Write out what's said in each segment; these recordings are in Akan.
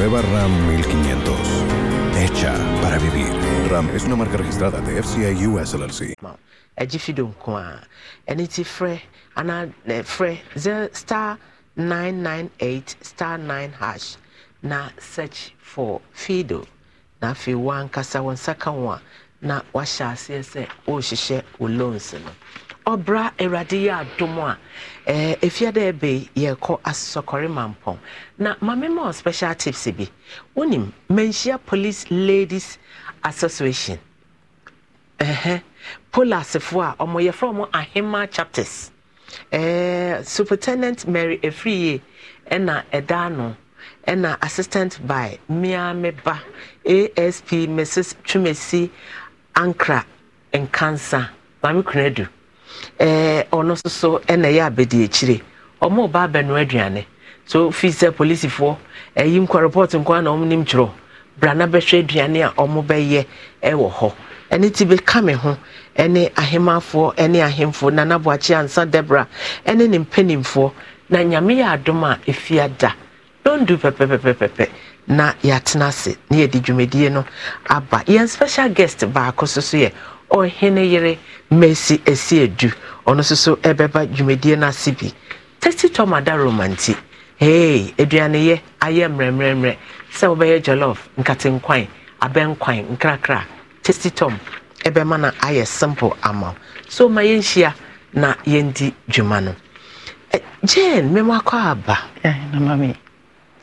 Nueva RAM 1500. Hecha para vivir. RAM es una marca registrada de FCA US LLC. ɛgye do kwa, a fre, ana fre, ze star 998 star 9 hash na search for fido na afei wankasa kasa nsa saka ho na washa aseɛ sɛ wohyehyɛ wo ɔbra awurade yɛ adom a eh, dɛ ɛbɛ yɛkɔ asosɔkɔre mampɔn na mame ma special tips bi wonim manhyia police ladies association ɛhɛ pola asefoɔ a ɔmo yɛfrɛ ɔmo ahema chapters eh, superintendent mary efiriye ɛna ɛda ano ɛna assistant by miameba asp mrs twumasi ankra nkansa maame kunadu ɔno eh, nso so eh, na ɛyɛ abedi akyire ɔmo ba abɛno aduane so fi sɛ polisifoɔ ɛyi nkwa report nko na ɔmo nim twerɛ bra na bɛhwɛ aduane a ɔmo bɛyɛ ɛwɔ eh, hɔ ɛne ti bɛka me ho ɛne ahemmafoɔ, ɛne ahemfo nana boakye ansa debra ɛne ne mpanimfoɔ na nyame yɛ adom a ɛfi ada dondu pɛpɛpɛpɛpɛ na yɛatena ase na yɛde dwumadie no aba yɛn special guest baako so so yɛ ɔhene yere mercy asi adu ɔno nso so ɛbɛba dwumadie no ase bi tɛsi tɔmada roma nti hei aduaneyɛ ayɛ mmerɛmmerɛmmerɛ sɛ wobɛyɛ jollof nkate nkwan abɛn kwan nkrakra tɛsi tɔm ɛbɛma na ayɛ simple ama so ma yɛnhyia na yɛndi dwuma no e, jane mema akɔ aba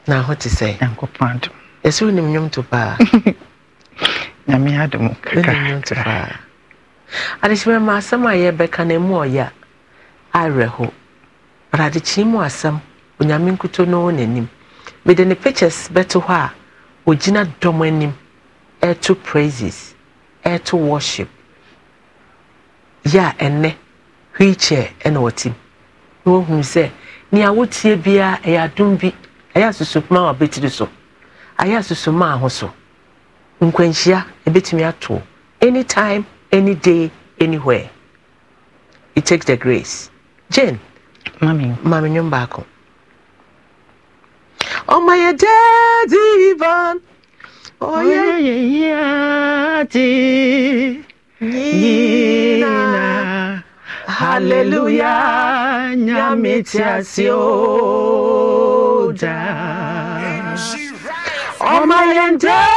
na ho te sɛ ɛsɛ wonim nnwom to paa kakra adekyerɛ ma asɛm a yɛbɛka no mu ɔyɛ a awerɛho but adekye mu asɛm onyame nkuto no wɔ n'anim mede ne pictures bɛto hɔ a ogyina dɔm anim ɛreto praises ɛreto worship yɛ a ɛnɛ wheelchair ɛna ɔte mu na wɔhunu sɛ nea wotie biara ɛyɛ adom bi ɛyɛ asusuma a wabɛtiri so ayɛ asusuma a nkwanhyia ɛbɛtumi ato anytime any day, anywhere. It takes the grace. Jane. Mami. Mami Nyumbako. Oh my Ivan. Oh yeah, yeah, yeah. Nina. Hallelujah. Nyamitia sioda. Oh my daddy.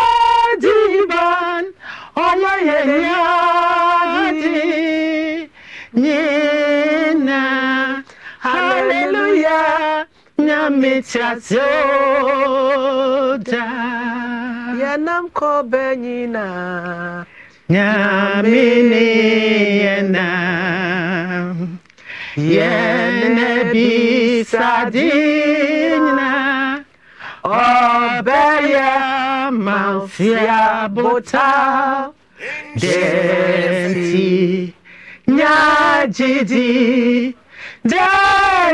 Hallelujah. Nina. Hallelujah. Nyamitatoda. Yanam ko benyina. Nyamini yenam. Yene bisadina. Obeya. Mount Bota. denti nya jidi de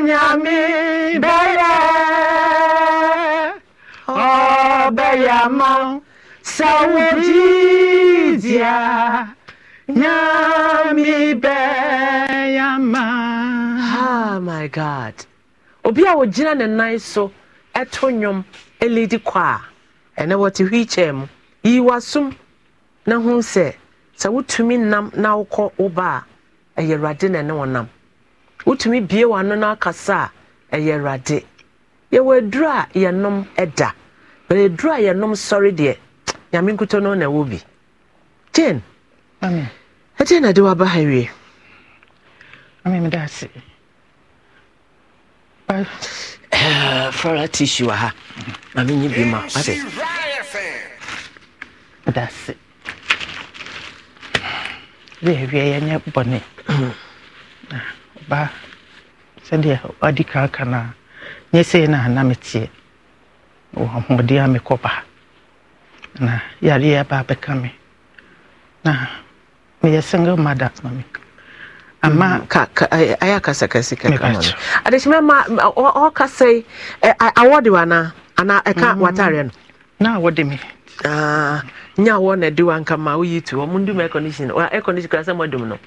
nyami bere obeyama sawojidia nyami beyama oh my god obi a wɔgyina ne nan so ɛto nnwom ɛledi kɔ a ɛnɛ wɔte hwiikyɛɛ mu yiwasom na ho sɛ sɛ wotumi nam na wokɔ woba a ɛyɛ awurade na ɛne wo nam wotumi bie w'ano no akasa a ɛyɛ awurade yɛwɔ aduro a yɛnom da but aduro a yɛnom sɔre deɛ nyame nkutɔ no na ɛwɔ bi jane ɛdeɛ na de waba ha wie fara tissue wɔ ha ma menyi bi ma ade sɛ yɛwie yɛnyɛ bɔne na ɔba sɛdeɛ ɔdi kan ka no na ana meteɛ wɔ ahoɔden a mekɔ ba na yareɛ aba bɛka me na meyɛ single mother na mami ama ayɛ kasakasi kakamano adekyimɛ ma ɔkasɛi awɔde w anaa anaa ɛka watareɛ no na awɔde me Ah, nya wɔ na de wa nka ma woyi tu hɔ mo ndum air condition wa air condition kora sɛ mo dum no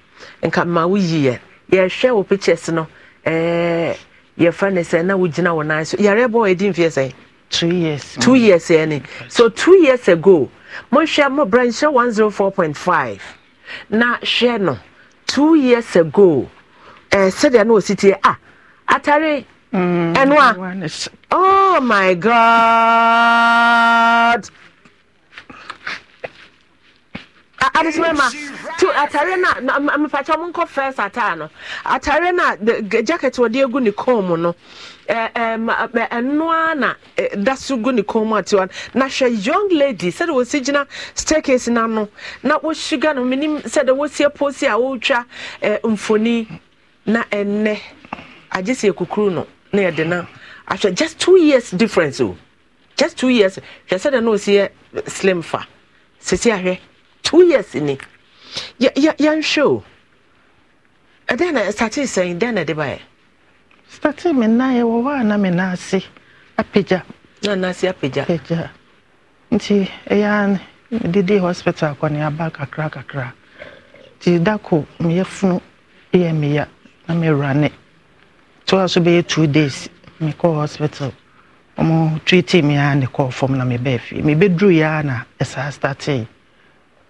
nka ma woyi yɛ yɛhwɛ wo pictures no ɛɛ yɛfrɛ ne sɛ na wogyina wɔ nan so yàrá ɛbɔ wɔ edi mfeɛ two years two years yɛ eh, ni so two years ago mo hwɛ mo branchɛ one zero four point five na hwɛ no two years ago ɛɛ eh, sɛdeɛ na osi tie ah atare. Mm, ɛno oh my god. adesima ma tu atare na mepatwa mu nkɔ first atare no atare na jacket wɔde egu ne kɔn mu no ɛnoa na da so gu ne kɔn mu ate wa na hwɛ young lady sɛde wɔsi gyina staircase n'ano na wɔsuga no menim sɛde wɔsi posi a wɔretwa mfoni na ɛnɛ agye sɛ ekukuru no na yɛde na ahwɛ just two years difference o just two years hwɛ sɛde na osi yɛ slim fa sisi ahwɛ. two years ni yɛnhwɛ o ɛdɛn na statee sɛn dɛn na ɛde baɛ mi na nna hɔ a na mi na ase apagya na na apagya apagya nti ɛyɛ eh, dede hospital kɔne aba kakra kakra nti da ko funu yɛ meya na merane toa so bɛyɛ two days hospital me a ne kɔɔ fam na mebɛɛ fie yɛ a na eh,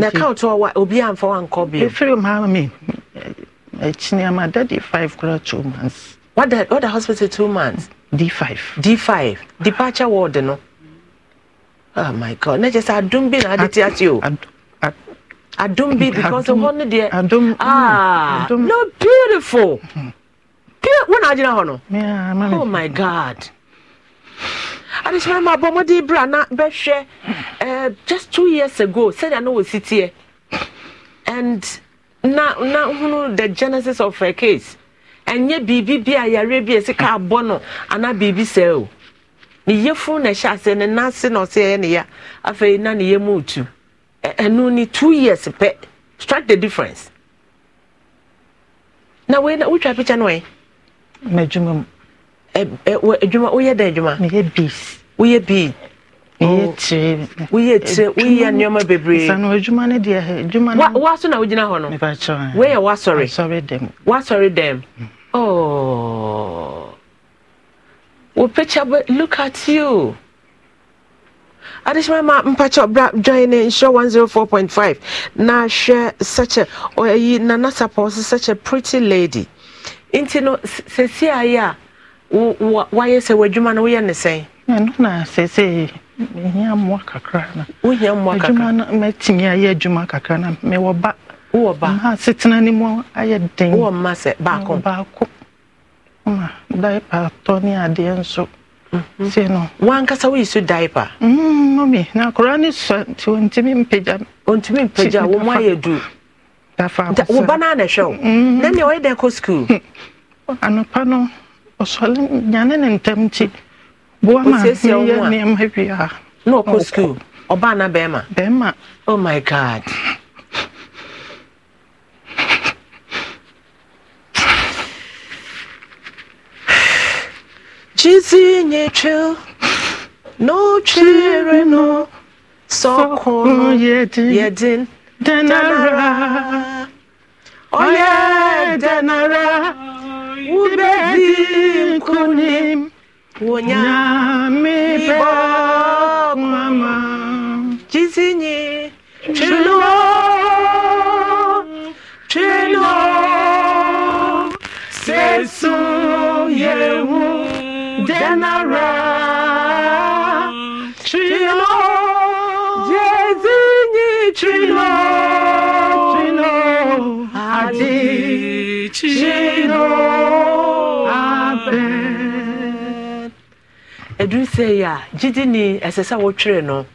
na account wa obi amfa wa nkɔ bi efiri maami ɛkyini ama dadi five kura two months. wada wada hospital two months. d five. d five departure ward no oh my god na kyerɛ sɛ adum bi na ade ti ati o adum bi because hɔ no deɛ adum mm, ah adum. no beautiful mm. pure wɔn na agyina hɔ no ah, oh my god adehyɛ ma bɔ mɔde bra na bɛhwɛ hmm. ɛɛ eh, just two years ago said I know we sit here, and now na hunu the genesis of her case And ɛnyɛ biribi bi a yare bi a sika abɔ and anaa biribi sɛ o ne yɛfun na ɛhyɛ ase ne nase na ɔsɛ ɛyɛ ne ya afei na ne yɛmu otu ɛnu ni two years pet, strike the difference na wei na wotwa picture no ɛ. mɛ adwuma woyɛ dɛ adwuma meyɛ bees woyɛ bee meyɛ oh. tire woyɛ tire woyɛ nneɛma bebree sanu adwuma ne deɛ adwuma ne wa so na wogyina hɔ no mepa kyerɛ woyɛ wasɔre wasɔre dɛm wasɔre dɛm mm. oh wo picture but look at you adesima ma mpakyɛ bra join ne nhyɛ 104.5 na hwɛ sɛkyɛ ɔyi nana sapɔ so sɛkyɛ pretty lady nti no sɛsi ayɛ a wayɛ sɛ w'adwuma no woyɛ ne sɛn ɛno na sɛsɛ mehia mmoa kakra na wohia mmoa kakra no matumi ayɛ adwuma kakra na mewɔ ba wowɔ ba ma asetena no mu ayɛ den wowɔ mma sɛ baako baako ma diaper tɔ ne adeɛ nso mhm. sɛ no wankasa woyi so diaper mami na akɔraa ne sua nti ɔntumi mpagya ɔntumi mpagya wo mu ayɛ du wo ba no anahwɛ wo mhm. na neɛ ɔyɛ dɛn kɔ skul anɔpa no ɔsɔre nyane ne ntɛm nti boa ma nneɛma wie a na ɔkɔ skul ɔbaa na bɛrima bɛrima oh my god Jizi nyetru no chere no soko no yedin yedin denara oye denara wobɛdi nkonim me, bɔ mama kisinyi twenoɔ twenoɔ sesu yehu denara twenoɔ jesinyi twenoɔ twenoɔ adi vicino a edu ɛduru sɛ yɛ a gyidi ni ɛsɛ sɛ wotwere no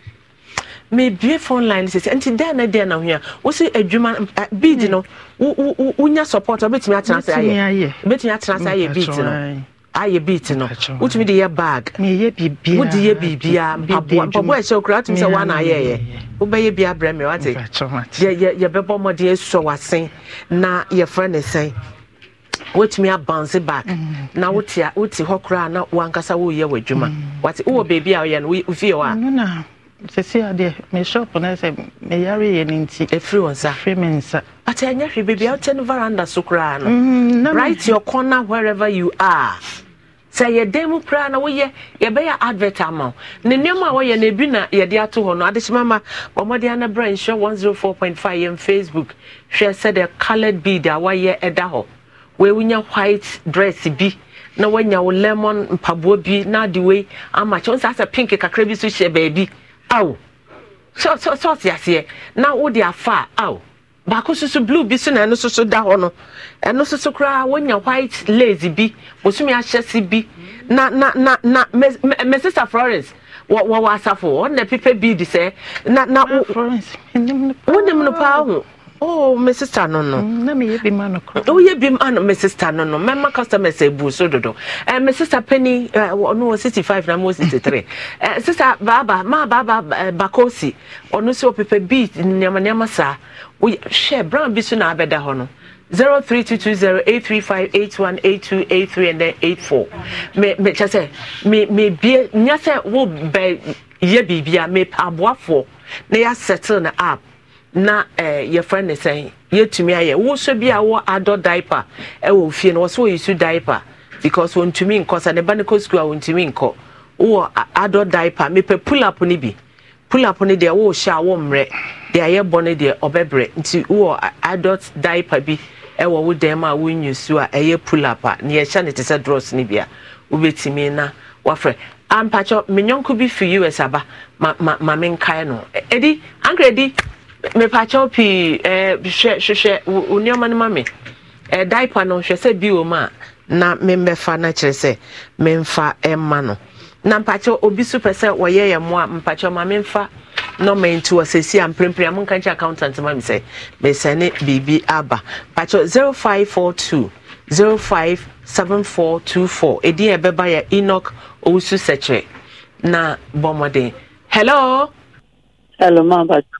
mebie phone line sisi nti dɛn na dɛn na ho yɛ wosi adwuma bead no hmm. wonya support a wobɛtumi atena sɛ ayɛ wobɛtumi atena sɛ ayɛ hmm, bead no. ayɛ beat no wotumi de yɛ bag wode yɛ biribia mpaboa a ɛhyɛ wokora wotumi sɛ woana ayɛyɛ wobɛyɛ bia brɛ me wate yɛbɛbɔ mmɔden asɔ wase na yɛfrɛ ne sɛn wotumi abanse back na wote hɔ koraa na wankasa woyɛ w'adwuma wate wowɔ baabi a woyɛ mm-hmm. oh, ah? no wofie hɔ a sisi adeɛ me shop na sɛ me yare yɛ ne nti. efiri wɔn nsa efiri mi nsa. ati anya hwɛ beebi a wote no veranda so koraa no. right your corner wherever you are sɛ yɛ dan mu koraa na woyɛ yɛbɛyɛ advert ama wo ne nneɛma a wɔyɛ no ebi na yɛde ato hɔ no adehyema bɔmmɔde ana bra nhyɛ 104.5 yɛn facebook hwɛ sɛ the coloured bead a wayɛ ɛda hɔ wei wonya white dress bi na wanya wo lemon mpaboa bi na ade wei ama kyɛ wo saa sɛ pink kakra bi so hyɛ baabi ao sɔɔse na wode afa a ao baako soso blue bi so na ɛno soso da hɔ no ɛno soso koraa wonya white lace bi bosumi ahyɛ se bi na na na na mesisa florence wɔ wɔ asafo ɔna pepe bi di sɛ na na wo wonim no paa ho oh me sister no no mm, na meyɛ bi ma no korɔ woyɛ oh, bi ma no me sister no no mɛma customers abu so dodo eh, me sister penny ɔno wɔ 65 na mɔ 63 eh, sister baaba ma baaba eh, bakosi ɔno sɛ ɔpepɛ bi nneɛma nneɛma saa hwɛ brown bi so na abɛda hɔ no 03220835818283 and then 84 me me kyɛ me me be nyɛ wo be yɛ biribi a me aboafoɔ na yɛ settle na app na eh, yɛfrɛ ne sɛn yɛtumi ayɛ wosɔ bi a wɔ adɔ diaper ɛwɔ eh, fie no wɔsɛ wɔyisu diaper because wɔntumi nkɔ sa ne ba ne kɔ sukuu a wɔntumi nkɔ wowɔ adɔ diaper mepɛ pull up no bi pull up no deɛ wɔrehyɛ a wɔmmerɛ deɛ ayɛ bɔ no deɛ ɔbɛbrɛ nti wowɔ adult diaper bi ɛwɔ eh, wo dan mu a wonyi su a ɛyɛ pull up a ne yɛhyɛ no te sɛ dross no bi a wobɛtumi na wafrɛ ampakyɛ me bi fi us aba ma ma ma menkae no ɛdi e, ankra ɛdi mepakyɛw pii ɛɛ hwɛ hwehwɛ wo nneɛma no ma me ɛɛ daipa no hwɛ sɛ bi wɔ mu a na membɛfa na kyerɛ sɛ memfa ɛma no na mpakyɛw obi so pɛ sɛ wɔyɛ yɛ mmoa mpakyɛw ma memfa nɔɔma nti wɔ sɛsi a mprempren a monka nkyɛ accountant ma me sɛ mesɛne biribi aba mpakyɛw zero five four two zero five seven four two four edin ɛbɛba yɛ enoch owusu sɛkyerɛ na bɔ mmɔden hello. hello maa bàtú.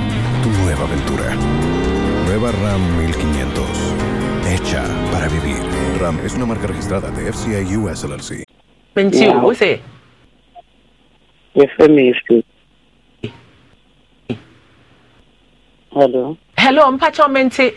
tu nueva aventura. Nueva RAM 1500. Hecha para vivir. RAM es una marca registrada de FCI US LLC. Mentiu, wow. Es Efemista. Hello. Hello, mpacho menti.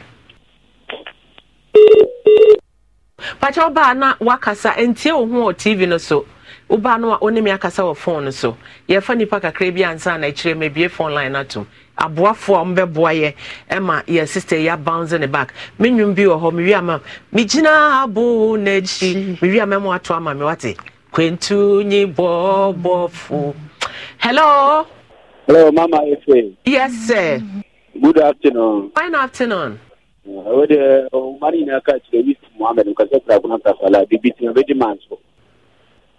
Pacho ba na wakasa and wo ho TV no so. woba no a m ya akasa wɔ phone so yɛfa nipa kakra bi ansa na akyerɛ ma bie phone line atom aboafoɔ a ɔmbɛboa yɛ ma yɛ sister yɛ abounce ne back me nwum bi wɔ hɔ mewie ama megyina abo n'akyi mewie ama mu ato ama me wate kwantu nyi bɔbɔfo hello hello mama efe yes sir good afternoon fine afternoon uh, wode ɔma ne nyinaa ka kyerɛ wis mohammed nkasɛ krakona kafala bibitima bɛdi ma nso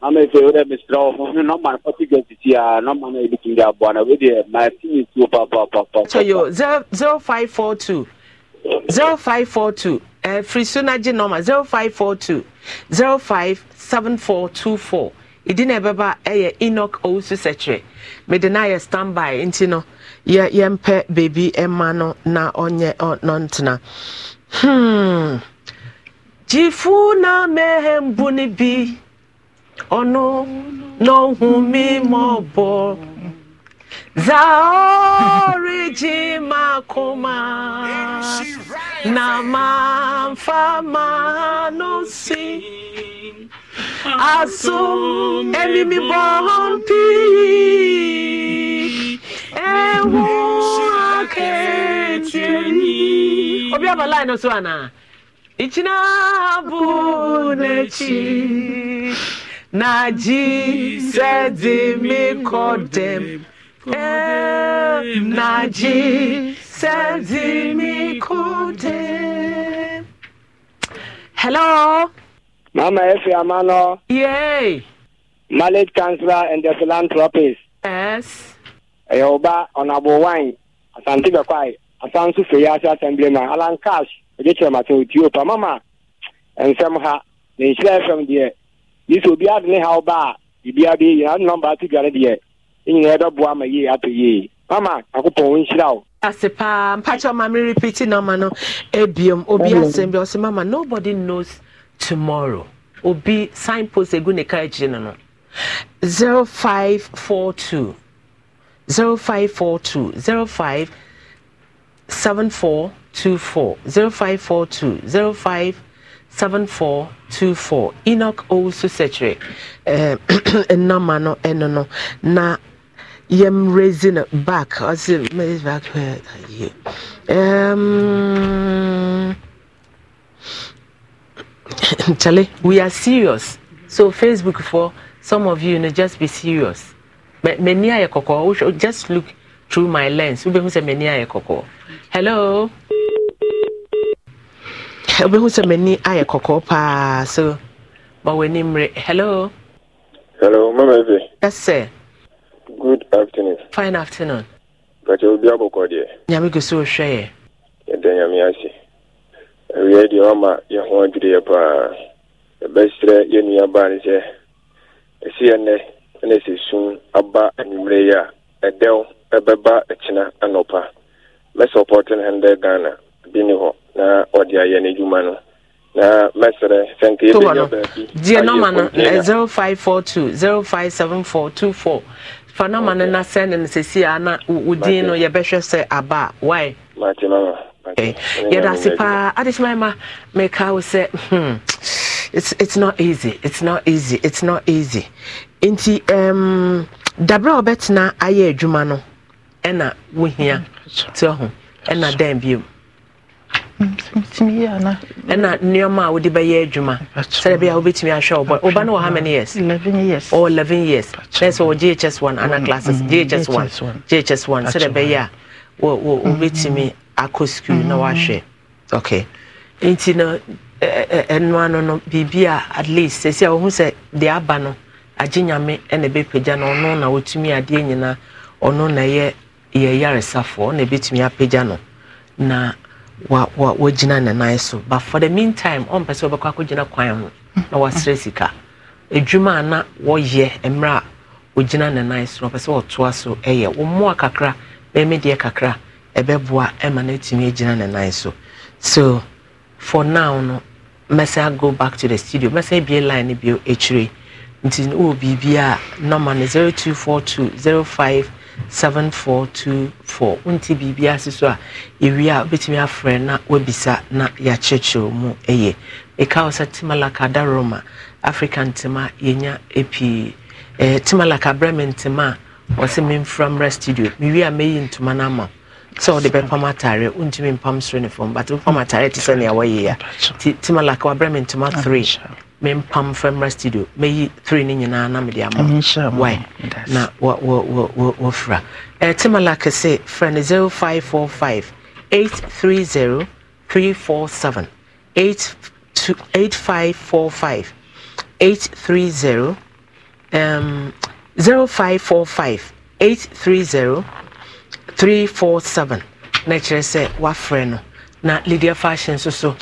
ama efe wo dɛ mesrɛ wo ho nɔma no fɔte gwa sisi a nɔma no ɛbɛtumi de aboa zero wedeɛ maatimi four two 0542 0542 uh, firiso no agye nɔma 0542 057424 ɛdi na ɛbɛba ɛyɛ eh, enoch owusu sɛkyerɛ mede no ayɛ standby nti no yɛmpɛ baabi ɛma no na ɔnyɛ ɔntena hmm. jifuna mehembuni bi ọnụ n'ọhụ mmemme bụ zaoriji makụma na mafama n'osi asụ emimi bọmpi ewu aketieni obi abala anyị nọ so ana ichina bụ n'echi na Jesus me condemn. Na Jesus me condemn. Hello. Mama Efi Amano. Yay. Marriage counselor and the philanthropist. Yes. Yoruba onabo Wine. Asante Bekwai. Asansu Feyasi Assemblyman. Alan Cash. Ojechi Amatin Utiopa. Mama. Nsɛm ha. Ne nhyira fam deɛ yi obi ade ne haw ba a biribia bi yɛ ano nɔmba ate dwa no deɛ ne nyinaa ama yie apɛ yie mama akopɔn wo nhyira wo ase paa mpakyɛ ɔma me repeat nɔma no ebiom obi asɛm bi ɔsɛ mama nobody knows tomorrow obi signpost egu ne kaa akyire no no zero five four two zero five four two zero five seven four two four zero five four two zero five 7424 enoch also secretary ɛnama no ɛno no na yɛm raise raising back ɔse raise back you? um, Chale, we are serious so facebook for some of you, you know, just be serious many ayɛ kɔkɔɔ just look through my lens wobɛhu sɛ mani ayɛ kɔkɔɔ hello wobɛhu sɛ m'ani ayɛ kɔkɔɔ paa so ma w'ani mmere hello hello mama bi yes sir good afternoon fine afternoon kakyɛ obi abɔkɔ deɛ nyame gu so wohwɛ yɛ yɛda nyame ase awie deɛ wama yɛ ho adwereyɛ paa yɛbɛserɛ yɛ nuabaa ne sɛ ɛsiɛ nnɛ ɛna ɛsɛ sum aba anwummerɛ yi a ɛdɛw ɛbɛba akyina anɔpa mɛsɛ hundred ghana bi ni hɔ na ɔde ayɛ n'adwuma no na mɛsrɛ sɛ nka yɛbɛnya baabi deɛ nɔma no 0542 057424 fa nɔma no na sɛ ne no sɛsi a na wo din no yɛbɛhwɛ sɛ aba a wae mate mama yɛda ase paa adehyema ma meka wo sɛ it's it's not easy it's not easy it's not easy nti um dabere a ɔbɛtena ayɛ adwuma no ɛna wohia mm-hmm. te ho ɛna dan biom ɛna nneɛma a wode bɛyɛ adwuma sɛdeɛ bɛyɛ wobɛtumi ahwɛ wobɔ woba no wɔ how years 11 years 11 years na ɛsɛ wɔ ghs 1 ana mm, classes ghs 1 ghs 1 sɛdeɛ bɛyɛ a mm-hmm. wobɛtumi akɔ skul na mm-hmm. wahwɛ nti no no a at least sɛsi a wohu sɛ deɛ aba no agye wa wa wɔgyina ne nan so but for the meantime ɔmpɛ sɛ wɔbɛkɔ akɔgyina kwan ho na wɔasrɛ sika adwuma a na wɔyɛ mmerɛ a wɔgyina ne nan so ɔpɛ sɛ wɔtoa so ɛyɛ wɔmmoa kakra bɛmi deɛ kakra ɛbɛboa ɛma no atumi agyina ne nan so so for now no mɛsɛ go back to the studio mɛsɛ bie line no bio akyire nti wɔ biribi a nɔma no 0242 05 seven four two four wonti biribi ase so a ewie a wobɛtumi afrɛ na wabisa na yɛakyerɛkyerɛ mu ɛyɛ ɛka wo sɛ timalaka da roma africa ntema yɛnya ɛpii eh, timalaka berɛ me ntema a wɔsɛ memfra mmra studio mewie a mɛyi ntoma no ama sɛ wode bɛpam atare wontumi mpam soro ne fam but wopam atare te sɛ nea wɔyɛ a timalaka wabrɛ me ntoma three mempa mfa mmra studio mɛyi three no nyinaa na mede ama wai na wɔfira timalake se frɛ no 0545 830 347 8545 830 um, 0545 830 347 na kyerɛ sɛ wafrɛ no 0545 na lydia fashion nso so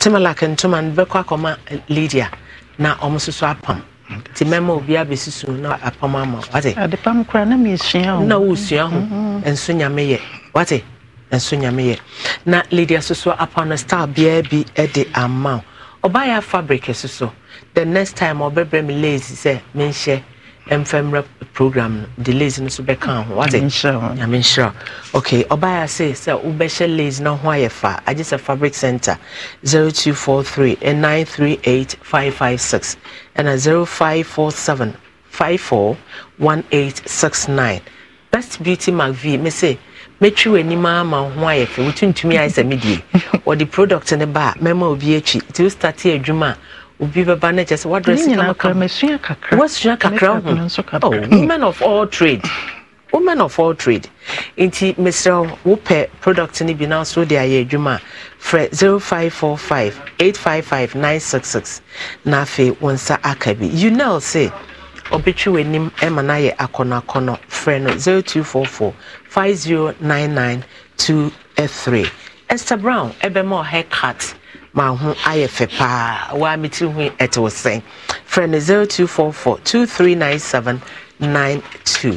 timalak ntoma no eh, bɛkɔ akɔma lydia na ɔmo nso so apam nti mɛma obi abɛsi na apam ama wate adepam kora na na wosua ho mm-hmm. nso nyame yɛ wate nso nyame yɛ na lydia nso so apam no star biara bi de ama ɔbaayɛ fabric nso e so the next time ɔbɛbrɛ me lazy sɛ menhyɛ mfɛmra program no delays no so bɛka ho wate nyame nhyira okay ɔbaeɛ se sɛ wobɛhyɛ lays no ho ayɛ fa agye sɛ fabric center 0243 938 556 ɛna 0547 541869 best beauty mark v me se mɛtwi w'anim ama ho ayɛ fɛ wotumi ayɛ sɛ medie wɔde product no ba a mɛma obi akyi nti wo starte adwuma a obi bɛba no kyɛ sɛ woadrɛse kamakawasua kakra oh, women of all trade women of all trade nti mesrɛ wopɛ product no bi na so de ayɛ adwuma a frɛ 0545 855 966 na afei wo nsa aka bi unel se ɔbɛtwi w'anim ma no ayɛ akɔnɔakɔnɔ frɛ no 0244 5099 23 esther brown ɛbɛma ɔ haircut maa ho ayɛ fɛ paa waa mi tiri ho ɛte wo sɛn frɛ no zero two four four two three nine seven nine two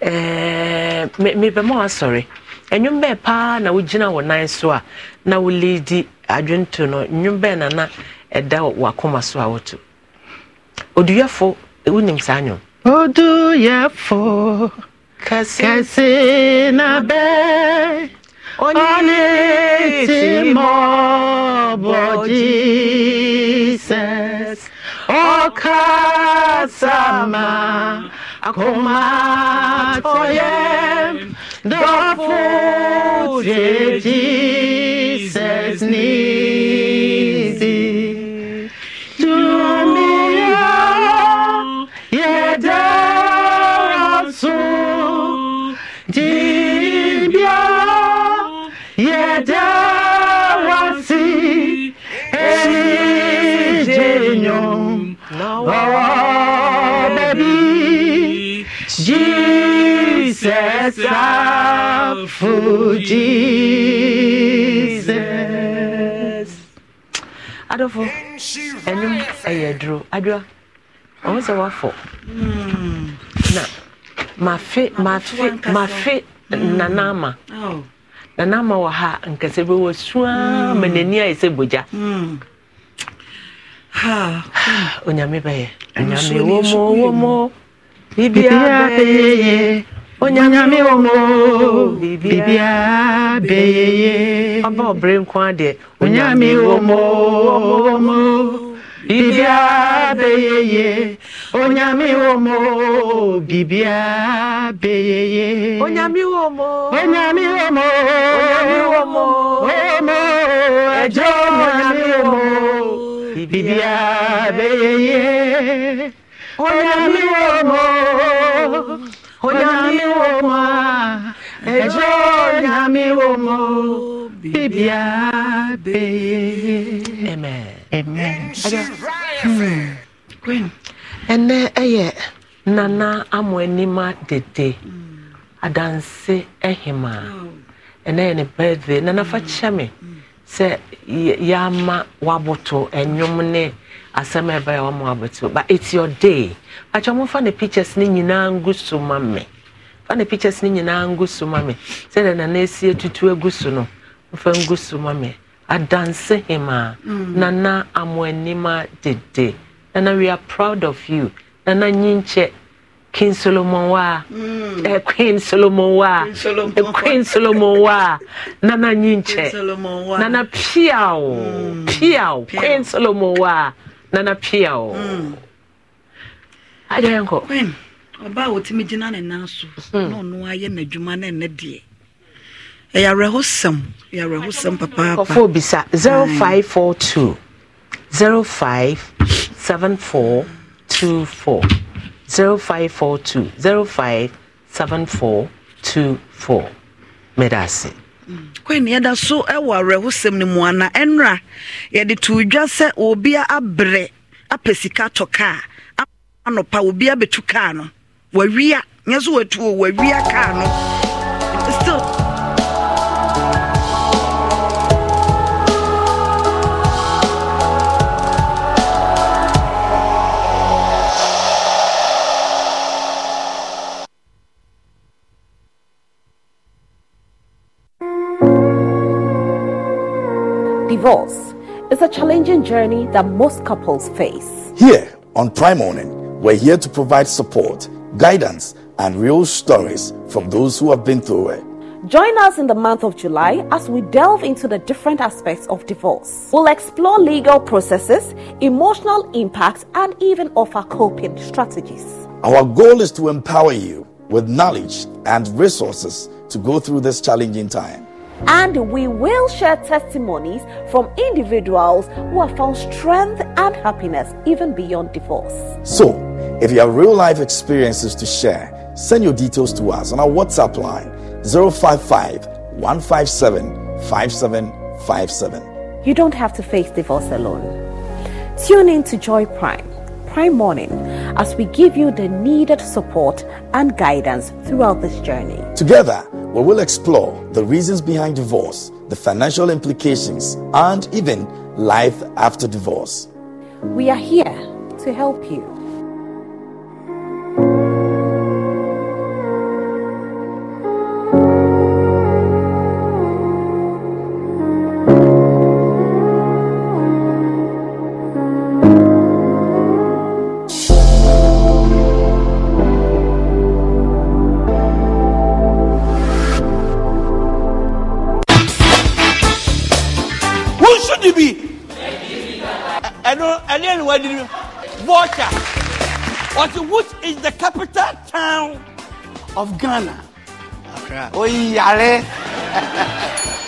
ɛɛ mebɛma asɔre ɛnwom bɛɛ paa na wogyina wɔ nan so a na woledi adwonto no nnwom bɛɛ nana ɛda wakoma so a woto oduyɛfo wonim saa nnwom oduyɛfo kɛse na bɛɛ Onitsimo Jesus Okasama Akomatoyem Dofu Jesus Nizi Jesus afu Jesus Adolfo, adɔfo ɛnum ɛyɛ aduro adura ɔmo sɛ wafɔ hmm. na mafe mafe mafe nanama oh. nanama wa ha nkasa bi wɔ sua hmm. ma n'ani ayɛ sɛ bogya. Hmm. onyame bɛyɛ onyame wɔ mu wɔ mu. bibia beyeye onyame wɔ mo bibia beyeye ɔba ɔbrɛ nko adeɛ onyame wɔ mo bibia beyeye onyame wɔ mo bibia beyeye onyame wɔ mo onyame wɔ mo onyame wɔ mo wɔ mo ɛjɔ onyame wɔ mo bibia beyeye onyamiwomo onyamiwomo ejo onyamiwomo bibia beye. amen. amen. ɛnɛ ɛyɛ hmm. nana amo anim adede adanse ɛhema ɛnɛ yɛ ne birthday nana fa kyɛ me sɛ yɛama waboto ɛnwom ne asɛm a ɛbɛyɛ wɔn abɛto but it's your day atwa mo fa ne pictures ne nyinaa ngu so ma me fa ne pictures ne nyinaa ngu so ma me sɛdeɛ nana esi etutu egu so no nfa ngu so ma me adanse hema nana amo anima dede nana we are proud of you nana nyinkyɛ King Solomon wa mm. eh, Queen Solomon wa eh, Queen Solomon wa nana nyinkyɛ nana piaw mm. piaw Queen Solomon wa nana pia o hmm. adwene nkɔ ɔba a wɔtumi gyina ne nan so hmm. na ɔno ayɛ n'adwuma na ɛnɛ deɛ ɛyɛ awerɛhosɛm ɛyɛ awerɛhosɛm papaapakɔfoɔ bisa 0542 057424 0542 057424 meda ase akɔ ne yɛda so ɛwɔ awerɛhosɛm no mu ana ɛnra yɛde too dwa sɛ obi abrɛ apɛ sika tɔ kaa anɔpa obi bɛtu kaa no wawia nyɛ so watu wawia kaa no Divorce is a challenging journey that most couples face. Here on Prime Morning, we're here to provide support, guidance, and real stories from those who have been through it. Join us in the month of July as we delve into the different aspects of divorce. We'll explore legal processes, emotional impacts, and even offer coping strategies. Our goal is to empower you with knowledge and resources to go through this challenging time and we will share testimonies from individuals who have found strength and happiness even beyond divorce. So, if you have real life experiences to share, send your details to us on our WhatsApp line 055 157 5757. You don't have to face divorce alone. Tune in to Joy Prime Prime Morning as we give you the needed support and guidance throughout this journey. Together, we will explore the reasons behind divorce, the financial implications, and even life after divorce. We are here to help you of Ghana. Accra. Oyare.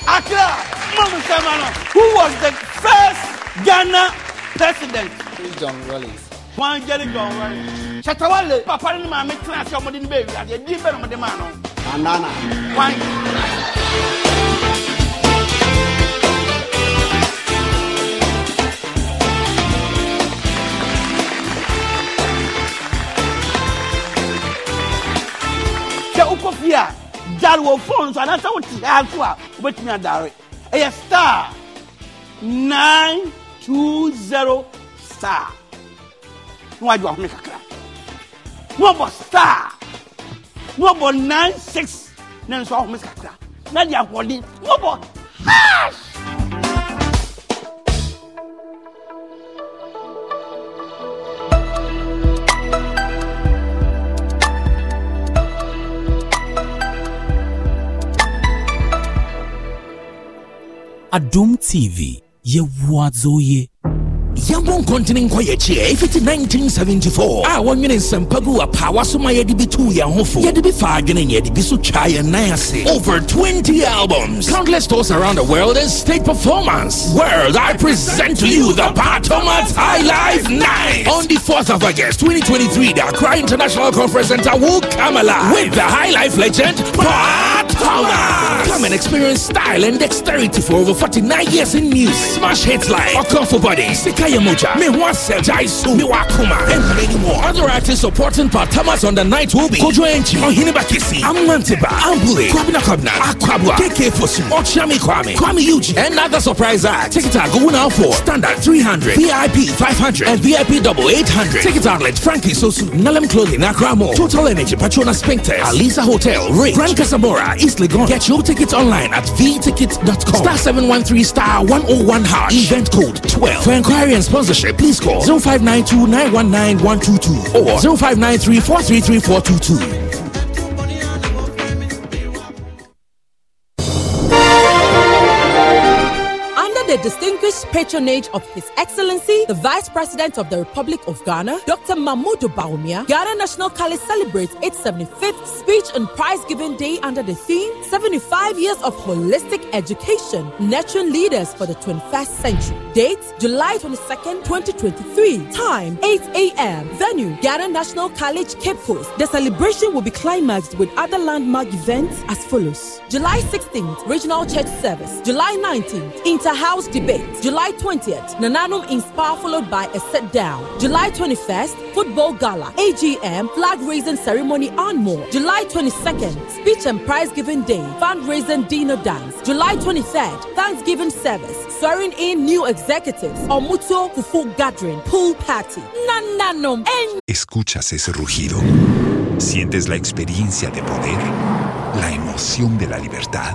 Accra. Mama Samana, who was the first Ghana president? John Rawlings. Juan Jerry John Rawlings. Chatawale, papa ni maame tena ase ọmọdé ni bẹ́ẹ̀ wíwá, yẹ di bẹ́ẹ̀ ni ọmọdé Banana. Juan. sɛ wɔ phone so anaasɛ wote ha so a wobɛtumi adare ɛyɛ star 920 star na wagye wahome kakra na wɔbɔ star na wɔbɔ 96 na nso ahome kakra na de ahoɔden na wɔbɔ hash Adum TV, ye wazoye. yɛbɔ nkɔntene nkɔ yɛkyiɛ ɛfiti eh, 1974 a ah, wɔnwene nsɛmpa a apaawa so ma yɛde bi tuu yɛn ho fo yɛde bi faa adwene ne yɛde bi so twaa yɛn nan ase over 20 albums countless tours around the world and stage performance world i present to you the batomat high life night on the 4th of august 2023 the accra international conference center will come alive with the high life legend batomat come and experience style and dexterity for over 49 years in music smash hits like Okan for body Kayamuja, Miwa Jaisu, Miwa and many more. Other artists supporting Patamas on the night will be Kojo Enchi, Ohiniba Kisi, Ambule, Kwabina Kwabna, Akwabwa, KK Fosu, Ochami Kwame, Kwame Uji, and other surprise acts. Tickets are going out for Standard 300, VIP 500, and VIP Double 800. Ticket outlet Frankie Sosu, Nalem Clothing, Akramo, Total Energy, Patrona Sphincters, Alisa Hotel, Ray, Grand Casabora, East Legon. Get your tickets online at vtickets.com. Star 713 star 101 hash. Event code 12. For inquiry and sponsorship, please call 0592 or 0593 distinguished patronage of His Excellency, the Vice President of the Republic of Ghana, Dr. Mahmoud Baumia, Ghana National College celebrates its 75th speech and prize giving day under the theme 75 Years of Holistic Education Natural Leaders for the 21st Century. Date July 22nd, 2023. Time 8 a.m. Venue Ghana National College, Cape Coast. The celebration will be climaxed with other landmark events as follows July 16th, Regional Church Service. July 19th, Inter House Debate. July 20th, Nananum Inspire followed by a sit down. July 21st, Football Gala, AGM, flag raising ceremony and more. July 22nd, speech and prize giving day, fundraising dinner dance. July 23rd, Thanksgiving service, swearing in new executives, Omuto Kufu gathering, pool party. Nananum. En... Escuchas ese rugido. Sientes la experiencia de poder, la emoción de la libertad.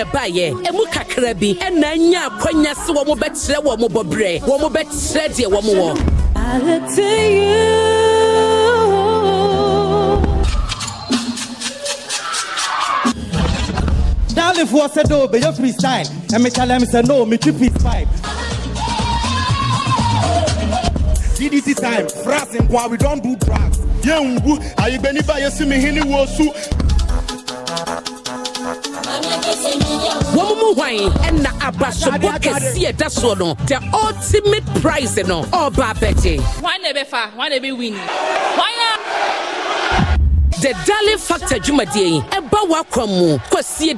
na baayɛ ɛmu kakra bi ɛna anya akwanya sɛ wɔn bɛkyerɛ wɔn bɔberɛ wɔn bɛkyerɛ deɛ wɔn wɔ. I look to you. Dalifoɔ sɛ no bɛyɛ freestyle ɛmekyalɛ me sɛ no metwi peace vibe DDT time, France and we don't do drugs. Yeah, I been if I see me in the world, ho hwan ɛna abasobɔ kɛseɛ da soɔ no the ultimate prize no ɔba abɛgye. wọn na ɛbɛfa wọn na ɛbɛ win. the darling factor dwumadie yi ɛba wakɔ mu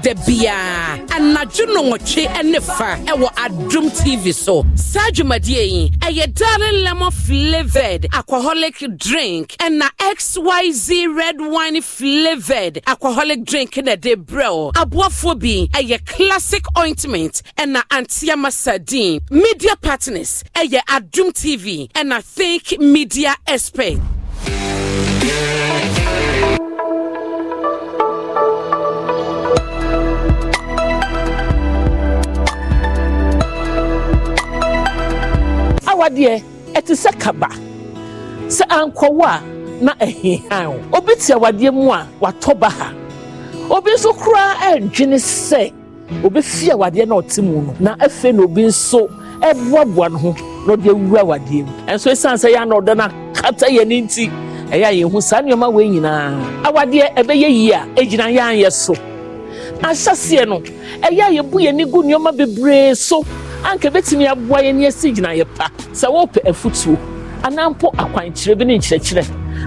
debia. da na anadwo nɔwɔtwe ne fa ɛwɔ adom tv so saa dwumadie A ɛyɛ darling lemon flavoured alcoholic drink na xyz red wine flavoured alcoholic drink na de brɛw aboafoɔ bi ɛyɛ classic ointment na antiama sardine media partners ɛyɛ adom tv na think media expert. awadeɛ ɛte sɛ kaba sɛ ankɔwɔ na ɛhehan o obi te awadeɛ mu a watɔ baha obi nso koraa ɛredwene sɛ obɛfi awadeɛ na ɔte mu no na afei na obi nso ɛboaboa ne ho na ɔde awura awadeɛ mu ɛnso esiane sɛ yɛn na ɔda na akata yɛn ne nti ɛyɛ a yɛn ho saa nneɛma wei nyinaa awadeɛ ɛbɛyɛ yie a egyina yɛn yɛ so ahyɛseɛ no ɛyɛ a yɛbu yɛn ni gu nneɛma bebree so anka bɛtumi aboa yɛn ne asi gyina yɛ pa sɛ wɔpɛ afotuo anampo mpo akwankyerɛ bi ne nkyerɛkyerɛ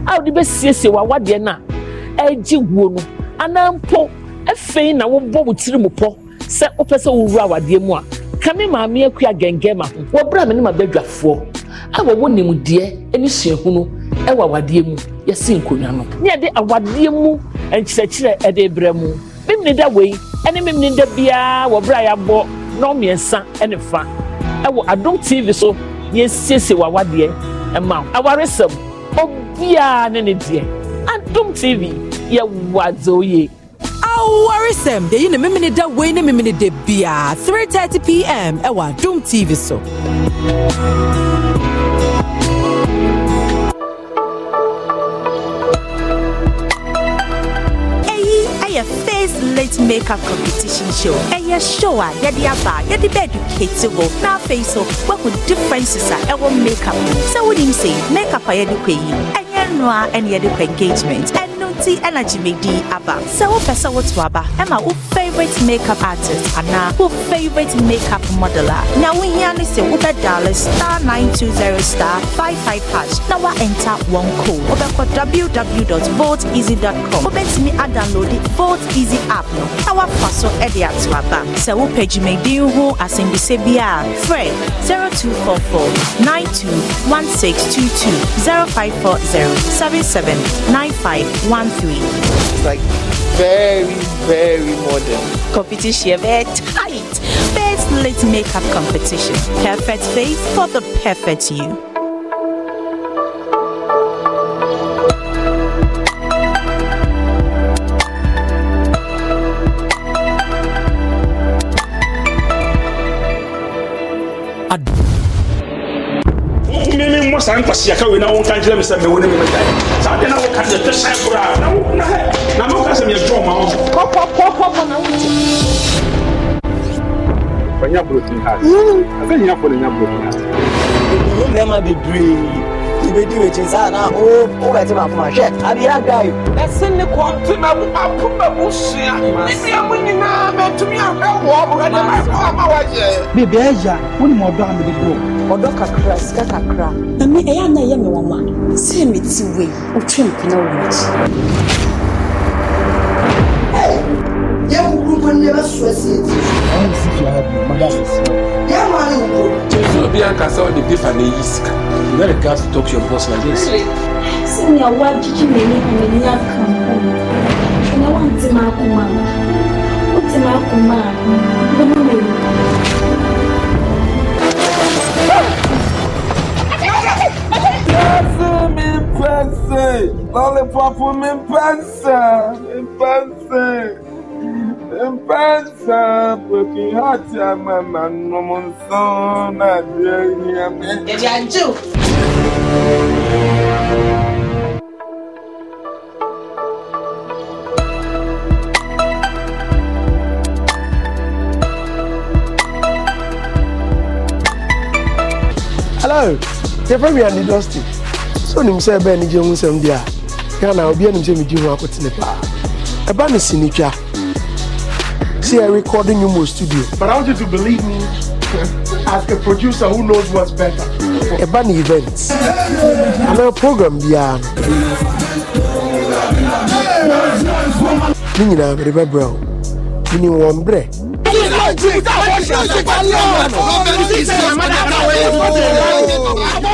a wode bɛsiesie w'awadeɛ no a ɛregye wuo no anampo mpo afei na wobɔ wo tiri mu pɔ sɛ wopɛ sɛ wowura awadeɛ mu a kame maame akua gɛngɛn ma ho wɔbrɛ a me ne ma bɛdwafoɔ a wɔwɔ nimdeɛ ne suahunu wɔ awadeɛ mu yɛsi nkonnwa no ne yɛde awadeɛ mu nkyerɛkyerɛ de brɛ mu memene da wei ne memene da biara wɔbrɛ a yɛabɔ nnɔmmiɛnsa ɛne fa ɛwɔ Adum tv so yɛsiesie w'awadeɛ ɛma awaresɛm obiara ne ne deɛ Adum tv yɛwɔ adze oyie awaresɛm deyi ne memene da wei ne memene da biara 3:30 pm ɛwɔ Adum tv so Makeup Competition Show. Ɛyɛ show a yɛde aba a yɛde bɛ educate face off. What so differences are? ɛwɔ makeup mu sɛ wonim say makeup a yɛde kɔ yi ɛnyɛ nnoa ɛne engagement ɛn nti ɛna dwumadi aba sɛ wopɛ sɛ to aba Emma, who favorite makeup artist Anna, who favorite makeup modeler? Now we here wohia ne sɛ wobɛdale star 920 star 55 hash Now we enter one code www.voteeasy.com. wobɛkɔ www.volteasy.com download the Vote easy app no na woafa so ɛde ato aba sɛ wopɛ dwumadin ho asɛmbisɛ bi a frɛ 0244 92 1622 0540 77 95 1 It's like very, very modern. Competition, very tight. Best lit makeup competition. Perfect face for the perfect you. saa nkwasiaka wei na wonka nkyerɛ mm. me sɛ mɛwo ne memɛda saa deɛ na woka sɛ tɛsae koraa na wo na hɛ na mɛwoka sɛ meyɛdwɔ ma wo kɔkɔkɔkɔbɔ na wote ɔnya protein has ɛsɛ nyina fo no nya protein has mmarima bebree ebedi wɔ akyi saa na wobɛte maakoma hwɛ abia dae ɛse ne kɔnte na akoma mu sua ebia mu nyinaa matumi ahwɛ wɔ brɛde ama wayɛ biribiaa agya wonim ɔdɔ a mede dɔ ɔdɔ kakra sika kakra me ɛyɛ ana ɛyɛ me wɔn oh, a sɛ me ti wei wotwe me kana wɔ m'akyi. yɛ kukuru kɔ ne bɛ sɔ si eti. ɔn si fi ha bi mada sisi. yɛ mu ale wo. jésù obi ankasa ɔde bi fa ne yi sika. you no dey gats talk to your boss like this. sani awa jiji mi ni mi ni aka nkɔ ɛna wa n ti ma kuma o ti ma kuma a bɛ mu mi. mi pẹ́sẹ̀ lọ́lẹ́pọ̀pù mi pẹ́sẹ̀ mi pẹ́sẹ̀ mi pẹ́sẹ̀ pèkì hàtì àmà mà nùmù son, náà di ẹ̀yìn ẹ̀mí. Yẹ̀dí àjò. Hello, Jeffrey, we are in the dusty sɛ onim sɛ ɛbɛn ne gye ho nsɛm deɛ a ghana obiara nim sɛ medi ho akotene paa ɛba ne si ne twa see I record in Yumo studio. But I want you to believe me as a producer who knows what's better. A bunny event. Another program beyond. Nini na mrebe bro. Nini wambre.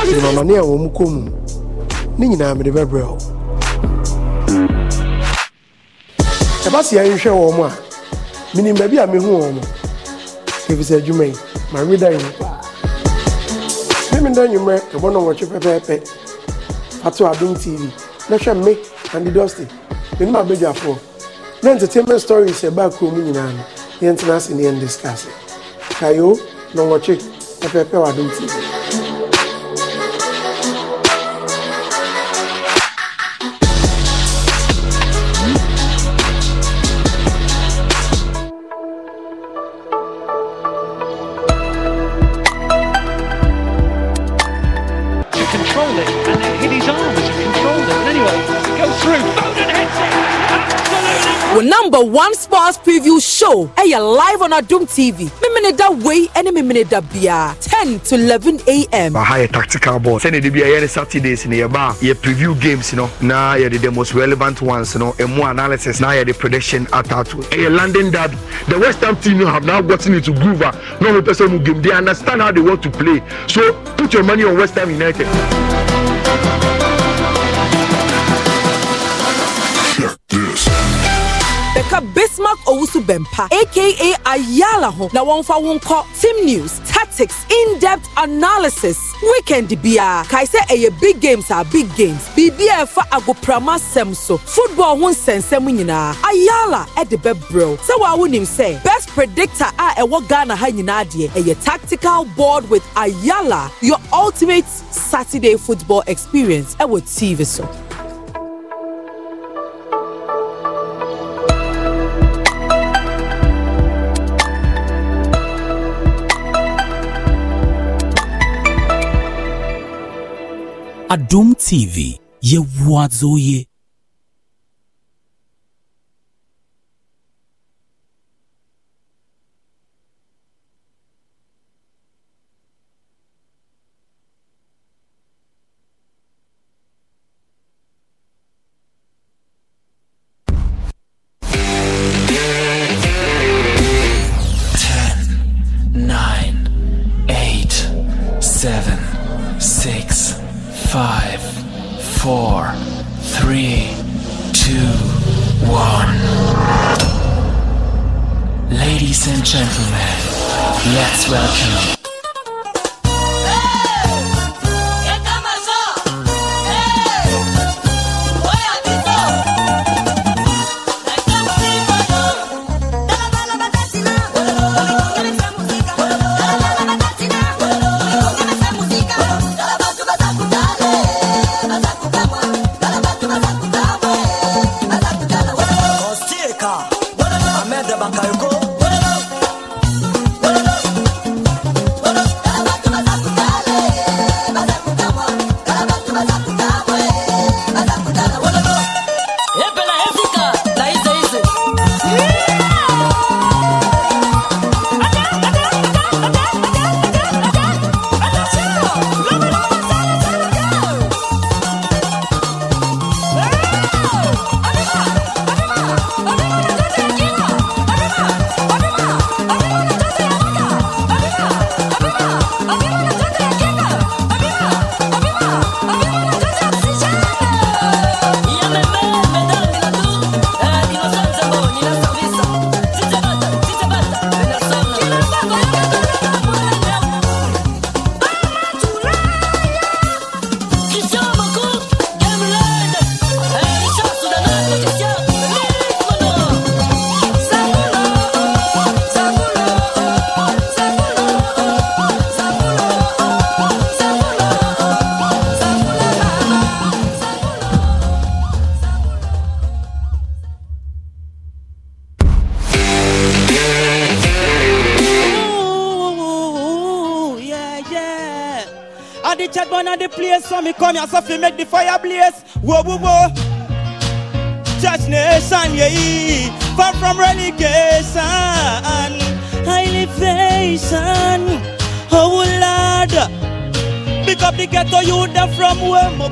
Nini mama ni ya wamukumu ne nyinaa mede bɛbrɛ wo ɛba se yɛnhwɛ wɔ m a menim baabi a mehu wɔ m ɛfiri sɛ adwuma yi mameda yi memeda nwummerɛ ɛbɔ nɔwɔtwe pɛpɛɛpɛ ato adom tv na hwɛ me ande dusty menim abɛgyafoɔ na entertainment stories ɛbaa kurom nyinaa no yɛntena ase ne yɛndiscase kayo nɔwɔtwe pɛpɛɛpɛ wɔ adom tv one sports preview show you're live on adum tv mímini da way. ɛne mímini da bia 10 to 11 a.m. aha yɛ tactical ball sɛni de bi a yɛ ne saturdays ni yɛ ba yɛ preview games you know. Now you're the most relevant ones you know. no more analysis Now you're the prediction at that. atato ɛyɛ london that. the west ham team have now gotten into groove a no person who game they understand how they want to play so put your money on west ham united. bɛka bismark owusu bɛmpa aka ayala ho na wɔmfa wo nkɔ team news tactics in-depth analysis weekend biara kae sɛ ɛyɛ big games a big games biribi a ɛfa agoprama sɛm so football ho nsɛnsɛm nyinaa ayala ɛde bɛbrɛw sɛ wɔa wonim sɛ best predictor a ɛwɔ ghana ha nyinaa deɛ ɛyɛ tactical board with ayala your ultimate saturday football experience ɛwɔ tv so Adum TV, ye wazo ye.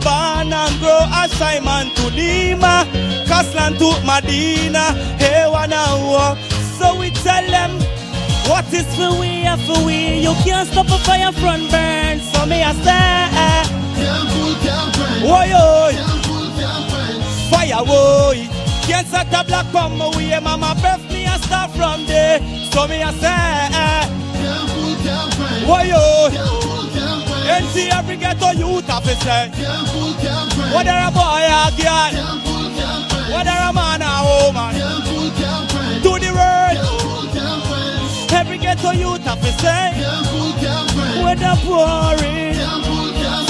born and grow as Simon to Nima, Caslan to Medina, hey one hour. So we tell them, what is for we, for we, you can't stop a fire from burn. So me I say, can't oi, can't careful. fire, oi. Can't set a black come oh, away, mama birth me and start from there. So me I say, can't oi, oi. Careful. And see every ghetto youth have to say. Whether a boy or girl. Whether a man or woman. To the world. Every ghetto youth have to say. Whether poor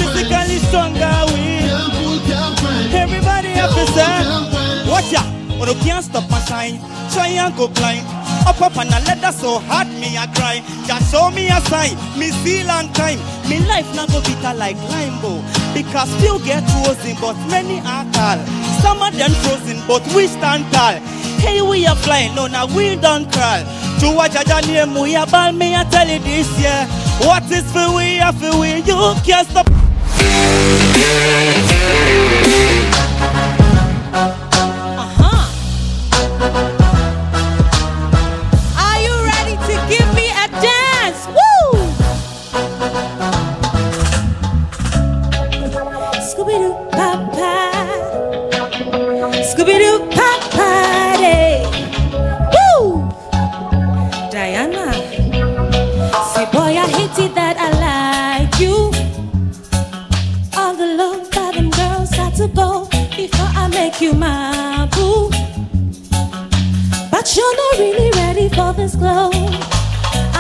physically stronger we. Everybody have to say. Watch ya. But you can't stop my shine. Try and go blind. Up up and a letter so hard me a cry. Just show me a sign, me see long time. Me life not go bitter like limbo. Because few get frozen, but many are tall. Some of them frozen, but we stand tall. Hey, we are flying, no, now we don't crawl. To watch a name, we are ball, me I tell you this yeah. What is for we, are for we, you can't stop. Diana. Say, boy, I hate it that I like you. All the love that them girls got to go before I make you my boo. But you're not really ready for this glow.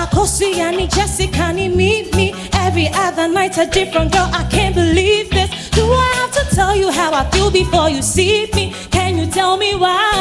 Akosi, Annie, Jessica, Annie, meet me. Every other night's a different girl. I can't believe this. Do I have to tell you how I feel before you see me? Can you tell me why?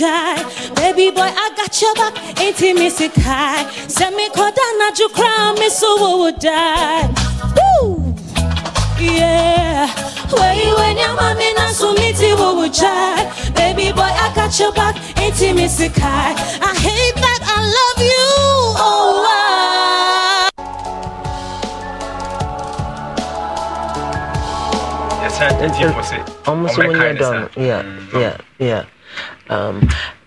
apologize. Baby boy, I got your back. Intimacy high. Send me call down, not you me so we would die. Woo! Yeah. Way when your mommy na so me we would try. Baby boy, I got your back. Intimacy high. I hate that I love you. Oh, I almost when you're done. Mm. Yeah, yeah, yeah. Um,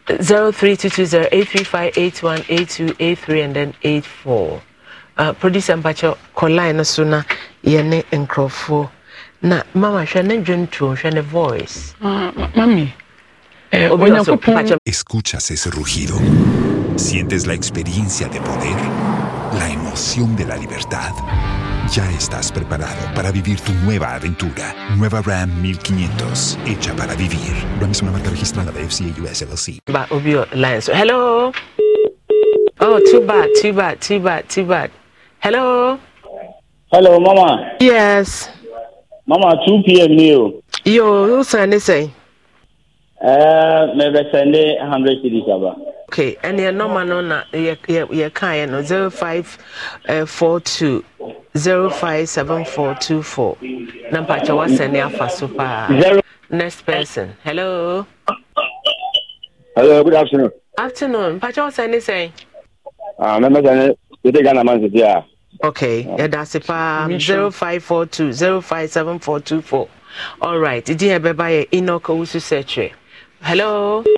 03220835818283 and then 84. Uh, producer Mbacho, Kolai no sooner, Yene Na mama hwɛ ne dwonto hwɛ voice. Ah, mami. Eh, Escuchas ese rugido. Sientes la experiencia de poder, la emoción de la libertad. Ya estás preparado para vivir tu nueva aventura. Nueva Ram 1500, hecha para vivir. Ram es una marca registrada de FCA US LLC. Obvio, Hello. Oh, too bad, too bad, too bad, too bad. Hello. Hello, Mama. Yes. Mama, 2 p.m. New. Yo, who's sending eh, Me Uh, maybe a 100 cities, Okay, and your number no na your your kind no zero five uh, four two zero five seven four two four. Number two was any alpha super. Next person. Hello. Hello. Good afternoon. Afternoon. Pacho was any say. Ah, remember that you take Ghana man today. Okay, yeah, that's it. Zero five four two zero five seven four two four. All right. Did you have a buyer? Enoch Owusu Setre. Hello. Hello.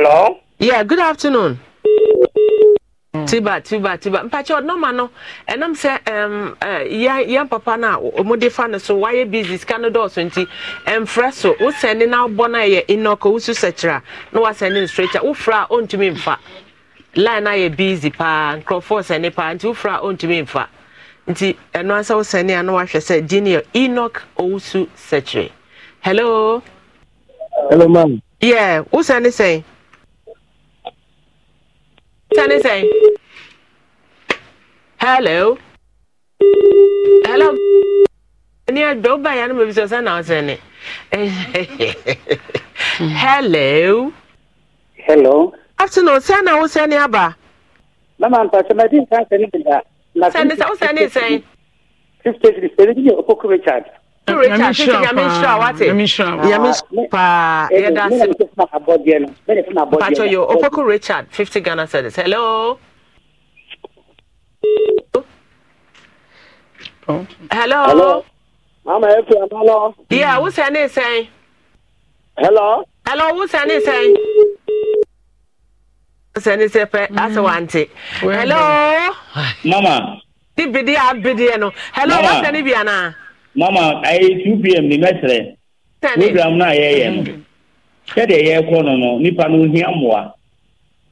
Hello? Yeah, good afternoon. tiba tiba tiba mpakyɛ ɔnɔma no ɛnam sɛ ɛm ɛɛ yɛn papa na a ɔmo fa no so wayɛ busy sika no dɔɔso nti ɛmfrɛ so wosɛn na abɔ no yɛ inɔkɔ wosu sɛkyerɛ na wasɛn no straighter wofra a ɔntumi mfa line ayɛ busy paa nkurɔfoɔ sɛn paa nti wofra a ɔntumi mfa nti ɛno ansa wosɛn a na wahwɛ sɛ din yɛ inɔk owusu sɛkyerɛ hello. hello maam. yɛ wosɛn sɛn. Sani sɛn. Hello. Hello. Ni ẹ dọ̀ báyà ni mo fi sọ sẹ́ na ọ̀sẹ̀ ni. Hello. Hello. Afternoon, sẹ́ na ọ̀sẹ̀ ni àbá. Mama mpàṣẹ ma di nǹkan sẹ́ni bìlà. Sẹ́ni sẹ́ ọ̀sẹ̀ ni sẹ́n. Fifty three, sẹ́ni bí yẹ ọkọ̀ kúrò Richard nyame nhyira paa yɛda sepatɔ yo ɔpɔko richard fifty ghana cedis hello hello, hello. mama efi amalo. yeah who send it say. hello. hello who send it say. send it say pɛ asɛ wante. hello. mama. di bidi abidi yɛ no. hello who send it bi ana mama ayi two pm ni mɛsrɛ program na yɛyɛ no sɛdeɛ yɛrekɔ no no nipa no ohia mmoa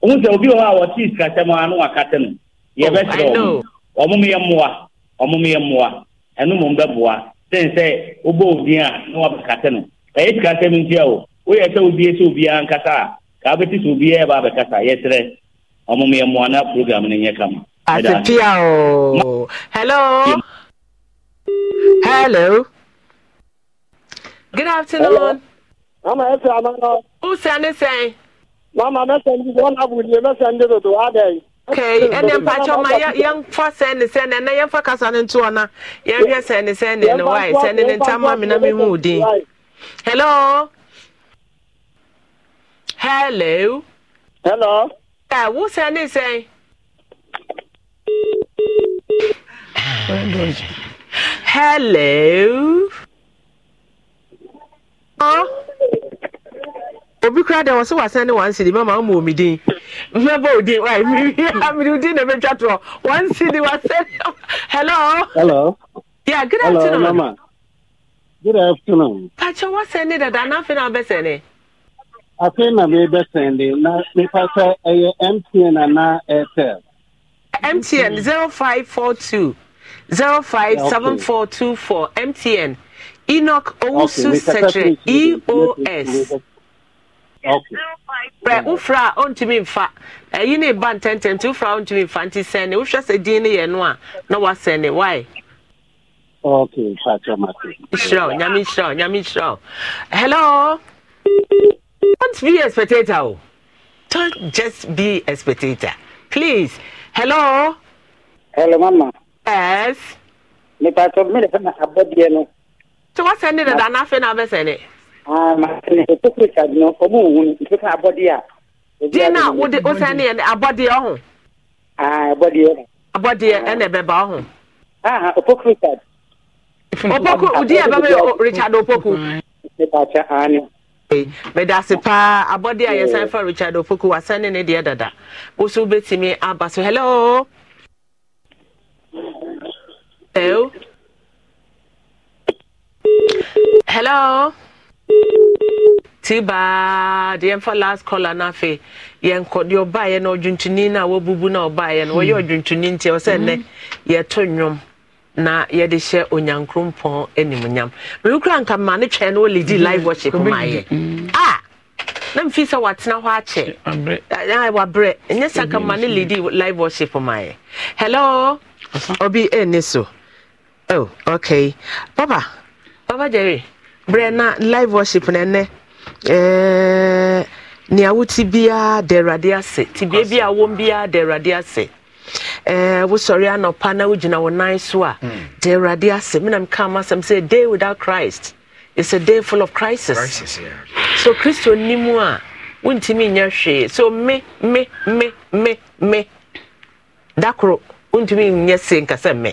ohun sɛ obi wɔ hɔ a wɔte sikasɛm a ano wakate no yɛbɛsrɛ ɔmo ɔmo yɛ mmoa ɔmo yɛ mmoa ɛno mo bɛboa sɛn sɛ wobɔ obi a na wabɛkate no ɛyɛ e sikasɛm ntia o woyɛ sɛ obie sɛ obiara nkasa a kaa bɛte sɛ obiara ba abɛkasa yɛsrɛ ɔmo yɛ mmoa na program no nyɛ kama. asetia o hello. Yeah. Hello. Good afternoon. Mama, ẹ sẹ́ àmàlà. Ó sẹ́ni sẹ́yìn. Mama, mẹ́sàn-án this one. I án never send wá to yìí. Okay, ɛnɛ mpakyɛ ma yɛmfa sɛne sɛne na yɛmfa kasa no nto ɔna yɛhwɛ sɛne sɛne ne wae sɛne ne ntama me na mehu wo din hello hello hello ɛ wo sɛne sɛn hello obi kura deɛ wɔsɛ wasan ne wansidi mama ama omi din mmɛbɔ odin wa mmiri odin na ebetwa toɔ wansidi wasan hello. hello. yeah good hello, afternoon. hello mama. good afternoon. pàṣẹ wasan ne dada n'afɛ na abɛsɛn ne. afɛ na mi bɛsɛn de na nipa sɛ ɛyɛ eh, mtn ana airtel. mtn zero five four two zero five seven four two four MTN Enoch Owusu okay, Secretary EOS. Okay. Brɛ wofra a ɔntumi mfa ɛyi eh, ne ba ntɛntɛn nti wofra a ɔntumi mfa nti sɛn ne wohwɛ sɛ din ne yɛ no a na wasɛn ne wae. Okay, Father Mati. Sure, Nyami sure, Nyami sure. Hello. Don't be a spectator. Oh. Don't just be a spectator. Please. Hello. Hello, Mama. Yes. Nipa to me de na abodie no. To wa send it that na fe na be send it. Ah, ma ne to ku ka no ko mu hu to ka abodie a. Di na wo de wo send it abodie ho. Ah, abodie. Abodie e na be ba ho. Ah, ah opoku ka. Opoku udi e ba me Richard opoku. Nipa cha ani. medase paa abɔde a yɛsan fa richard opoku wasɛne ne deɛ dada wo so wobɛtumi aba so hello Hello? Hello? Tiba, deɛ mfa last no afei yɛnkɔ deɛ ɔbaeɛ no no a na ɔbaeɛ no wɔyɛ nti ɛwɔ sɛ nnɛ yɛto nnwom na yɛde hyɛ onyankrompɔn mewokura ma ne twɛn no hmm. live worship maayɛ a na mfi sɛ watena hɔ akyɛ wabrɛ ɛnyɛ sɛ ma ne ledi live worship maayɛ hello obi ɛni so oh okay papa papa jerry Brenna, live worship Nene. ɛnɛ eh, ɛɛ nea wote biara da awurade ase tibea bi a wɔm biara da awurade ase ɛɛ eh, wosɔre na wogyina wo nan so a hmm. da awurade ase mena meka ma asɛm sɛ day without christ is a day full of crisis, crisis yeah. so kristo ni mu a wontumi nyɛ hwee so me me me me me dakoro wontumi nyɛ se nkasɛ me